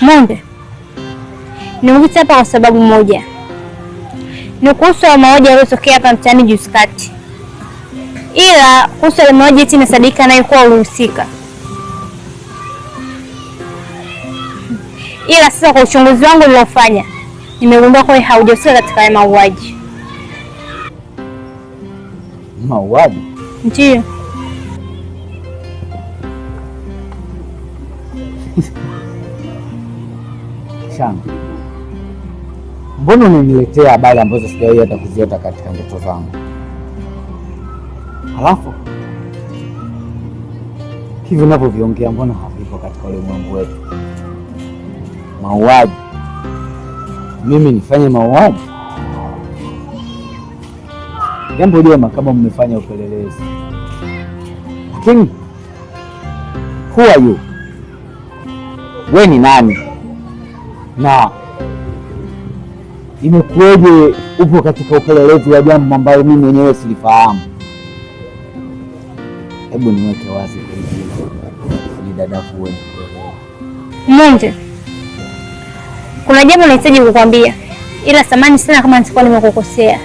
Munde, nimekuja hapa kwa sababu moja, ni kuhusu mauaji yaliyotokea hapa mtaani juzi kati, ila kuhusu mauaji eti inasadika anayekuwa ulihusika, ila sasa kwa uchunguzi wangu niliofanya nimegundua kwa haujahusika katika haya mauaji. Mauaji? ndio Shanga, mbona unaniletea habari ambazo sijawahi hata kuziota katika ndoto zangu? Halafu hivi unavyoviongea, mbona havipo katika ulimwengu wetu? Mauaji? Mimi nifanye mauaji? Jambo jema kama mmefanya upelelezi, lakini who are you? We ni nani? na imekuweje upo katika upelelezi wa jambo ambalo mimi mwenyewe silifahamu. Hebu niweke wazi ni dada kuwe Munje, kuna jambo nahitaji kukwambia, ila samani sana kama nitakuwa nimekukosea,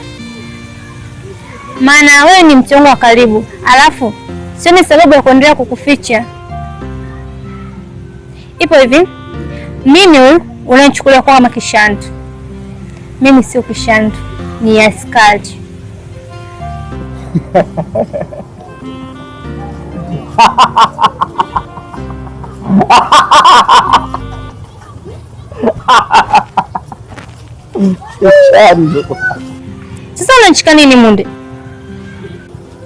maana wewe ni mchongo wa karibu, alafu sioni sababu ya kuendelea kukuficha. Ipo hivi mimi unanichukulia kwa kama kishandu. Mimi sio kishandu, ni askari. Sasa unanichika nini munde?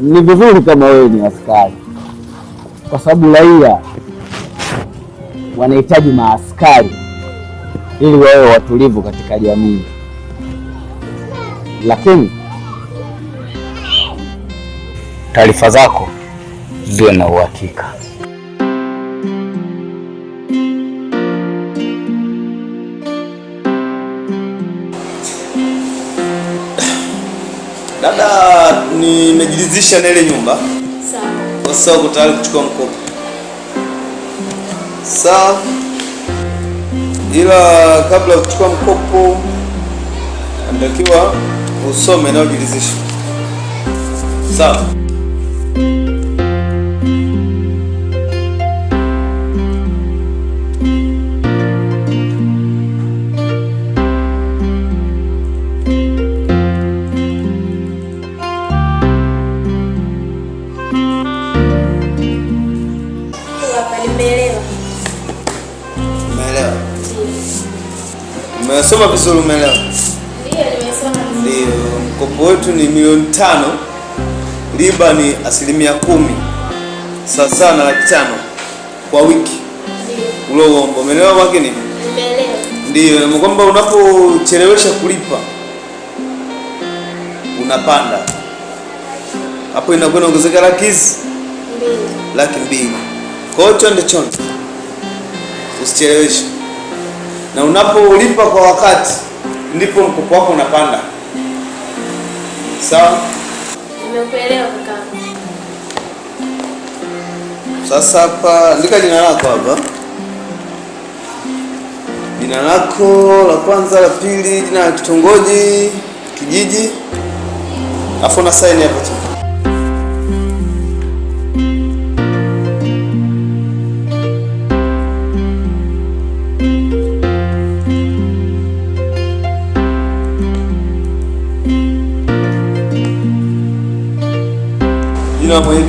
Ni vizuri kama wewe ni askari, kwa sababu raia wanahitaji maaskari ili wawe watulivu katika jamii, lakini taarifa zako ziwe na uhakika. Dada, nimejiridhisha na ile nyumba sawa. Sasa uko tayari kuchukua mkopo? Sawa ila kabla kuchukua mkopo andakiwa usome na ujiridhishe. Sawa. Umesoma vizuri, umeelewa? Ndio, mkopo wetu ni milioni tano, riba ni asilimia kumi, sasa na laki tano kwa wiki ulioomba. Umeelewa makini? Ndio, na kwamba unapochelewesha kulipa unapanda hapo, inakuwa inaongezeka laki laki mbili. Kwa hiyo chonde chonde, usicheleweshe na unapolipa kwa wakati ndipo mkopo wako unapanda. Sawa, nimekuelewa kaka. Sasa hapa andika jina lako hapa, jina lako la kwanza, la pili, jina la kitongoji, kijiji, afu na saini hapo chini. Minha mãe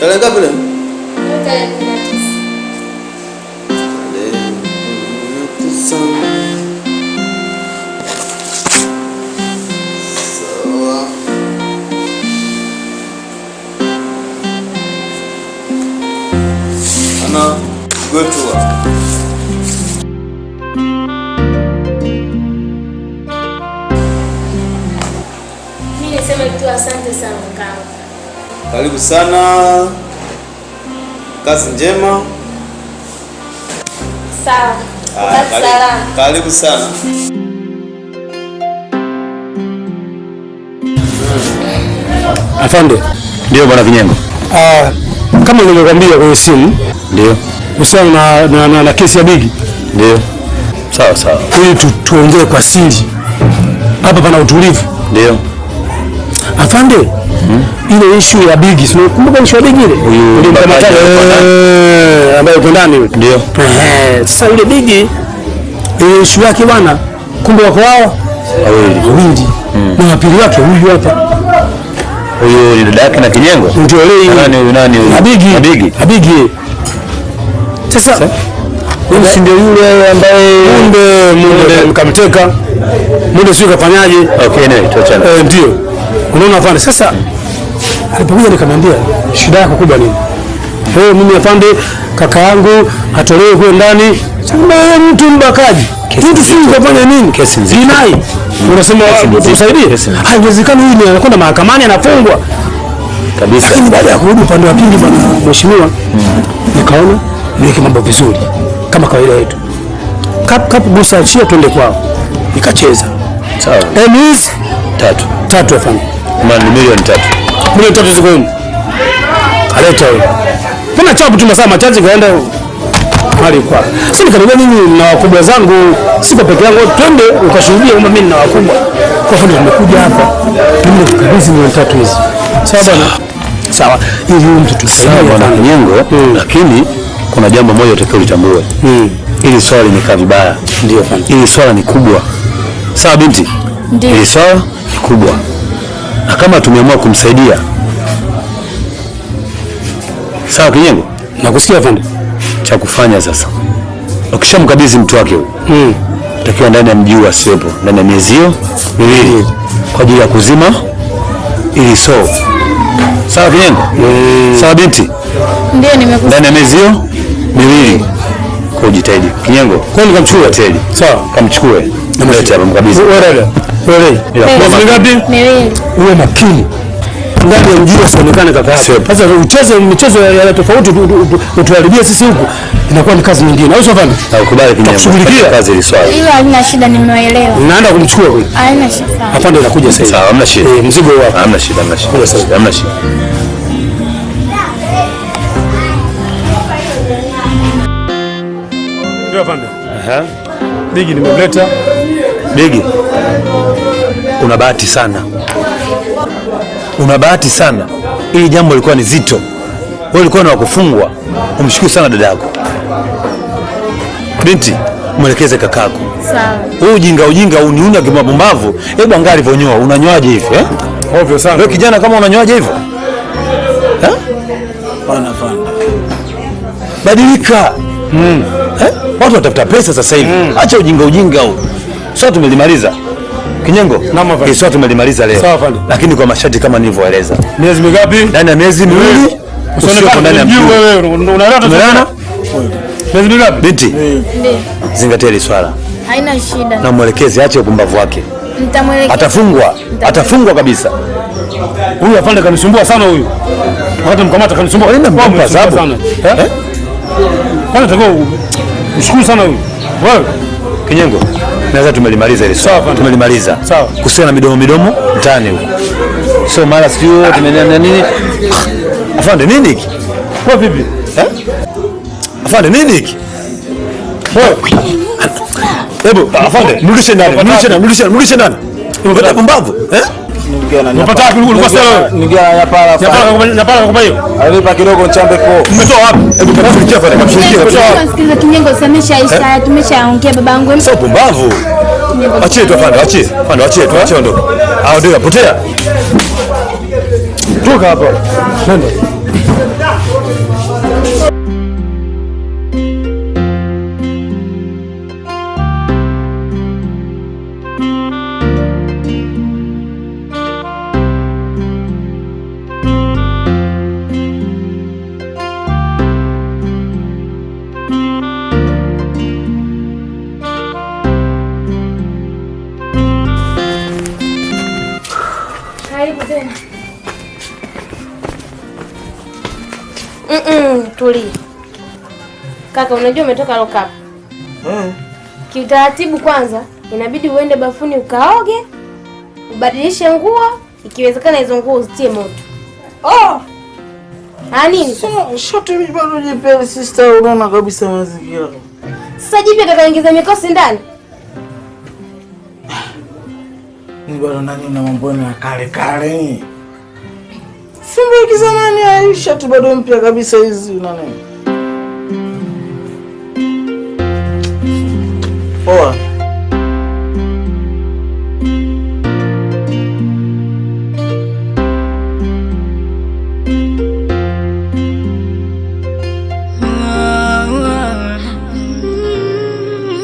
Tá legal, Bruno? Tá Karibu sana, kazi njema. Sawa. Aya, karibu, karibu sana. Afande. Ndio bwana Vinyengo. Ah, kama nilivyokuambia kwenye simu ndio husiana na, na, na, na kesi ya Bigi ndio. Sawa sawa, ili tu, tuongee kwa siri hapa, pana utulivu ndio afande. Mm-hmm. ile issue ya bigi, si unakumbuka issue ya bigi ile ulimkamata yule ambaye yuko ndani yule? Ndio. Sasa yule bigi ile issue yake bwana, kumbe wako wao wawili mm. na wapili wake huyu hapa huyu ni dada yake na kinyengo, ndio yule. Nani huyo? Nani huyo? Habigi, Habigi, Habigi. Sasa huyo si ndio yule ambaye munde munde mkamteka munde, sio kafanyaje? Okay, ndio tuachane, eh, ndio unaona. Hapana, sasa Alipokuja nikamwambia shida yako kubwa nini? Hey, mimi afande, kaka yangu atolewe huko ndani. yeye Mtu mbakaji mtu si kufanya nini? Kesi nzito jinai, unasema tusaidie. Haiwezekani, huyu ni anakwenda mahakamani anafungwa kabisa. Lakini baada ya kurudi upande wa pili, bwana mheshimiwa, mm. nikaona niweke mambo vizuri kama kawaida yetu, kap kap gusa achia, twende kwao, nikacheza sawa. Tatu tatu afande. Mimi milioni tatu kule tatizo kwangu. Aleta wewe. Mbona chapu tu masaa machache kaenda hali kwa. Sisi nikaribia mimi na wakubwa zangu, siko peke yangu, twende ukashuhudia kwamba mimi na wakubwa. Kwa hiyo nimekuja hapa. Mimi nikukabidhi milioni tatu hizi. Sawa bwana. Sawa. Hivi Ili mtu tusaidie bwana Kinyengo, hmm. lakini kuna jambo moja utakalo litambue. Mm. Hili swala limekaa vibaya. Ndio fani. Hili swala ni kubwa. Sawa binti? Ndio. Hili swala ni kubwa na kama tumeamua kumsaidia sawa. Kinyengo, nakusikia fundi. Cha kufanya sasa, ukishamkabidhi mtu wake huyo hmm. takiwa ndani ya mji asiwepo ndani ya miezi hiyo miwili kwa ajili ya kuzima ili so sawa. Kinyengo hmm. sawa binti, ndio nimekusikia. Ndani ya miezi hiyo miwili kujitahidi jitahidi. Kinyengo, kamchukue sawa, kamchukue mlete hapa mkabidhi. Miezi uwe makini ndani ya mji usionekane kaka yako. Sasa ucheze michezo ya tofauti utuharibie sisi huku, inakuwa ni kazi nyingine, au sio? Bana, nakubali kinyama, kushughulikia kazi ile swali hilo, hamna shida, nimeelewa. Naenda kumchukua huyu, hamna shida. Hapa ndio inakuja sasa. Sawa, hamna shida, eh, mzigo wako, hamna shida, hamna shida, hamna shida. Ndio, pande. Aha, bigi nimemleta bigi Una bahati sana, una bahati sana. Ili jambo lilikuwa ni zito, wewe ulikuwa na wakufungwa. Umshukuru sana dada yako binti, mwelekeze kakako. Sawa. Ujinga ujinga uniunya kimapumbavu. Hebu angalia alivyonyoa, unanyoaje hivi eh? Ovyo sana. Wewe kijana kama unanyoaje hivyo? Bana eh? bana. Badilika. Mm. Eh? Watu watafuta pesa sasa hivi. Mm. Acha ujinga ujinga huu. Sasa tumelimaliza. Kinyengo, Kiswa tumelimaliza leo. Sawa fali. Lakini kwa masharti kama nilivyoeleza. Miezi mingapi? Ndani ya miezi miwili. Usionekane ndani ya mji wewe. Unaelewa tunaelewana? Miezi mingapi? Binti. Ndio. Zingatia hili swala. Haina shida. Na mwelekezi aache upumbavu wake. Nitamwelekeza. Atafungwa. Atafungwa kabisa. Huyu afande kanisumbua sana huyu. Wakati mkamata kanisumbua. Kwa nini mkampa sababu? Eh? Kwani takao mshukuru sana huyu. Wewe. Kinyengo naweza tumelimaliza ile swali, tumelimaliza kuhusiana na midomo midomo mtaani huko, sio mara sio tumenena nini. Afande nini hiki kwa vipi eh? Afande nini hiki hebu afande, mrudishe ndani, mrudishe ndani, mrudishe ndani, umepata pumbavu eh? Alipa kidogo nchambe kwa. Mmetoa wapi? Hebu kamshirikia pale, kamshirikia. Sikiliza kinyengo samesha, tumeshaongea babangu. Sio pumbavu. Achie tu afande, achie. Afande achie tu, achie ondoka. Hao ndio yapotea. Toka hapo. Nenda. Kaka, unajua umetoka lock up. Mm. Kiutaratibu kwanza inabidi uende bafuni ukaoge, ubadilishe nguo, ikiwezekana hizo nguo uzitie moto. Oh. Ah nini? So, shote mimi bado jipele sister, unaona kabisa mazingira. Sasa jipya atakaingiza mikosi ndani. Ni bado nani na mambo ya kale kale. Simba nani Aisha tu bado mpya kabisa hizi unaona? nini? Poa.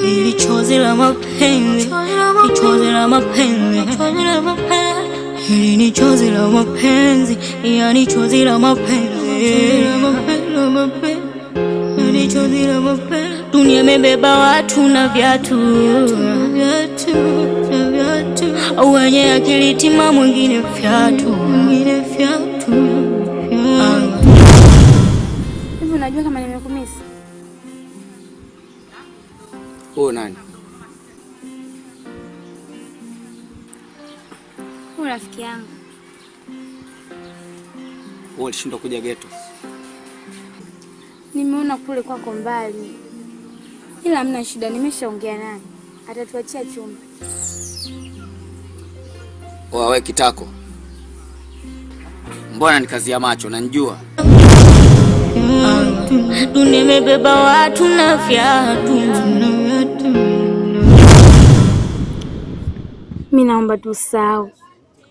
Ili chozi la mapenzi, chozi chozi la mapenzi, ni chozi la mapenzi, yani chozi la mapenzi umebeba watu na viatu, wenye akili tima mwingine viatu. Hivi unajua kama nimekumisi? Huyo nani? Huyo rafiki yangu. Wewe ulishindwa kuja geto? Nimeona kule kwako mbali ila hamna shida, nimeshaongea naye atatuachia chumba. Wawe kitako, mbona ni kazi ya macho, nanjua nimebeba watu na viatu. Mi naomba tu sahau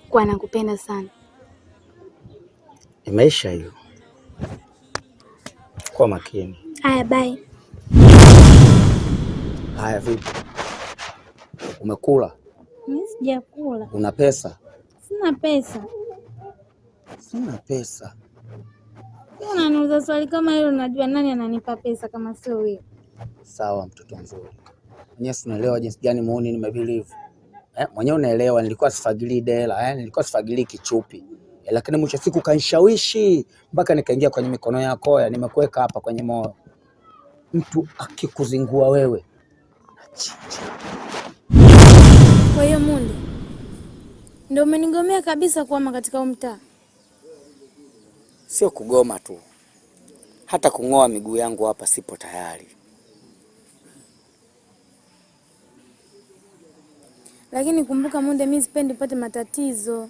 kwa nakupenda sana. imeisha hiyo, kwa makini. Haya, bye. Haya, vipi, umekula? Mimi sijakula. Una pesa? Sina pesa. Sina pesa. Unaniuliza swali kama hilo, unajua nani ananipa pesa kama sio wewe? Sawa, mtoto mzuri. Mwenyewe sinaelewa jinsi gani muuni nimebelieve eh, mwenyewe unaelewa, nilikuwa sifagilii dela eh, nilikuwa sifagilii kichupi eh, lakini mwisho siku kanishawishi mpaka nikaingia kwenye mikono yako ya nimekuweka hapa kwenye moyo. Mtu akikuzingua wewe kwa hiyo Munde ndio umenigomea kabisa kuhama katika huu mtaa? Sio kugoma tu, hata kung'oa miguu yangu hapa sipo tayari. Lakini kumbuka Munde, mimi sipendi pate matatizo,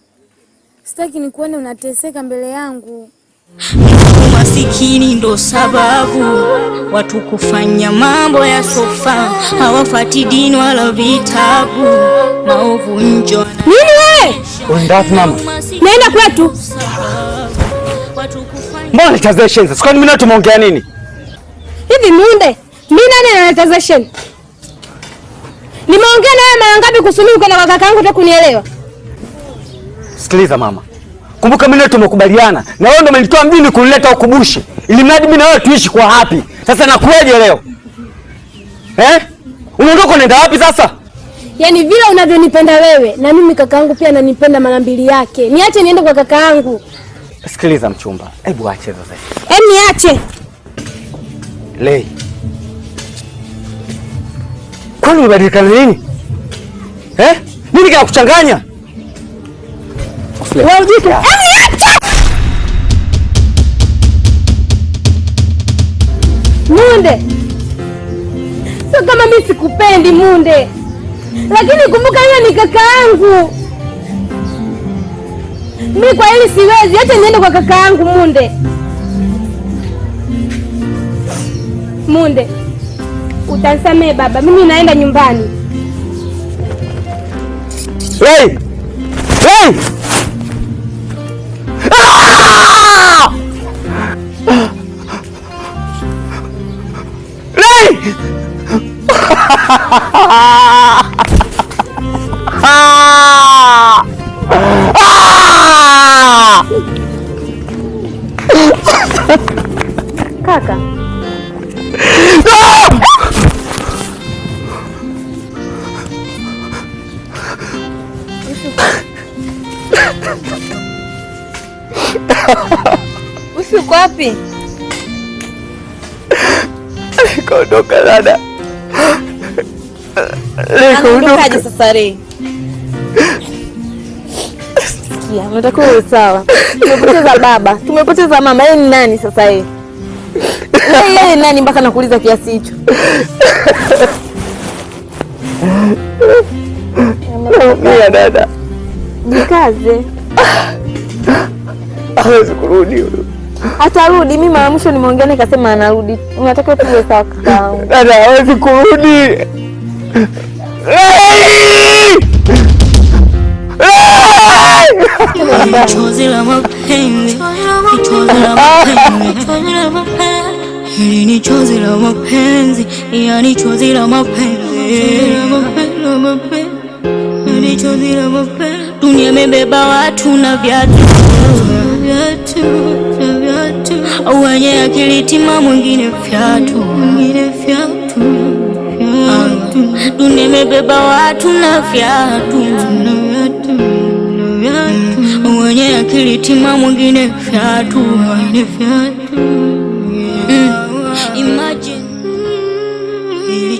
sitaki nikuone unateseka mbele yangu. Umasikini ndo sababu watu kufanya mambo ya sofa, hawafati dini wala vitabu, maovu njo nini. Wewe undafu mama, naenda kwetu. Mbona tazesheni sasa? Kwani mimi na tumeongea nini hivi? Munde mimi nani na tazesheni? Nimeongea na wewe mara ngapi kusumi uko na kaka yangu tu kunielewa? Sikiliza mama Kumbuka mimi tumekubaliana na wewe, ndio umenitoa mjini kunileta Bushi ili mradi mimi na wewe tuishi kwa hapi. Sasa nakuaje leo eh? Unaondoka unaenda wapi sasa? Yaani vile unavyonipenda wewe na mimi kakaangu pia ananipenda mara mbili yake. Niache niende kwa yangu. Sikiliza mchumba, hebu ache sasa. Eh, niache. Lei. Kwani unabadilika nini? Eh? Nini kinakuchanganya? Wesley. Wewe useless. Yeah. Munde. Sio kama mimi sikupendi Munde. Lakini kumbuka yeye ni kaka yangu. Mimi kwa hili siwezi, acha niende kwa kaka yangu Munde. Munde. utansamee baba, mimi naenda nyumbani. Hey! Hey! 哈！哈哈哈哈哈！dada. Anaondokaje sasa leo? Sikia, unatakiwa uwe sawa. Tumepoteza baba, tumepoteza mama, yeye ni nani sasa yeye? Yeye ni nani mpaka nakuuliza kiasi hicho? Naumia dada. Jikaze. Hawezi kurudi huyu atarudi. Mimi mara mwisho nimeongea nikasema anarudi, unataka tuwe sawa kakaangu. Dada hawezi kurudi. Hili ni chozi la mapenzi, yani chozi la mapenzi. Dunia imebeba watu na viatu au wenye akili timamu, mwingine fyatu, dunia imebeba watu na fyatu, au wenye akili timamu, mwingine fyatu, mm. Imagine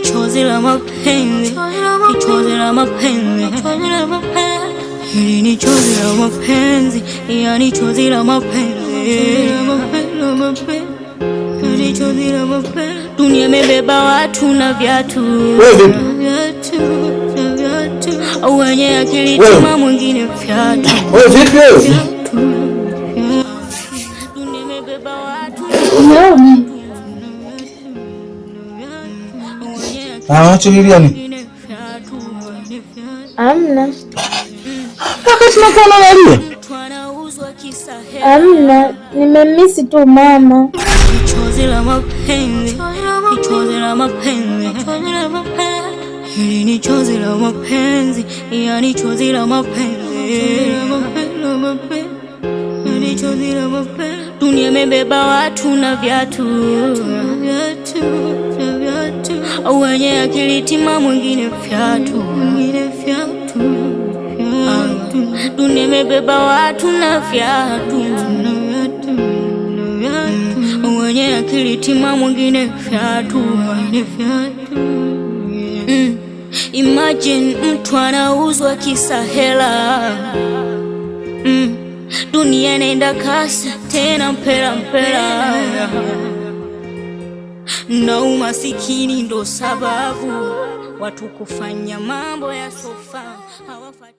chozi la mapenzi, chozi la mapenzi ni chozi la mapenzi, yani chozi la mapenzi mapema, tulichodhira mapema, dunia imebeba watu na viatu wenye akili kama mwingine viatu Amna. Wakati nakuwa Amna, nimemisi tu mama. Chozi la mapenzi, chozi la mapenzi, chozi la mapenzi, ni chozi la mapenzi, yani chozi la mapenzi. Dunia imebeba watu na viatu, wenye akili timamu, mwingine fyatu dunia imebeba watu na vyatu wenye akili tima, mwingine vyatu mm. Imagine mtu anauzwa kisa hela mm. Dunia inaenda kasi tena mpela mpela, na umasikini ndo sababu watu kufanya mambo ya sofa hawafati